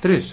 Τρεις.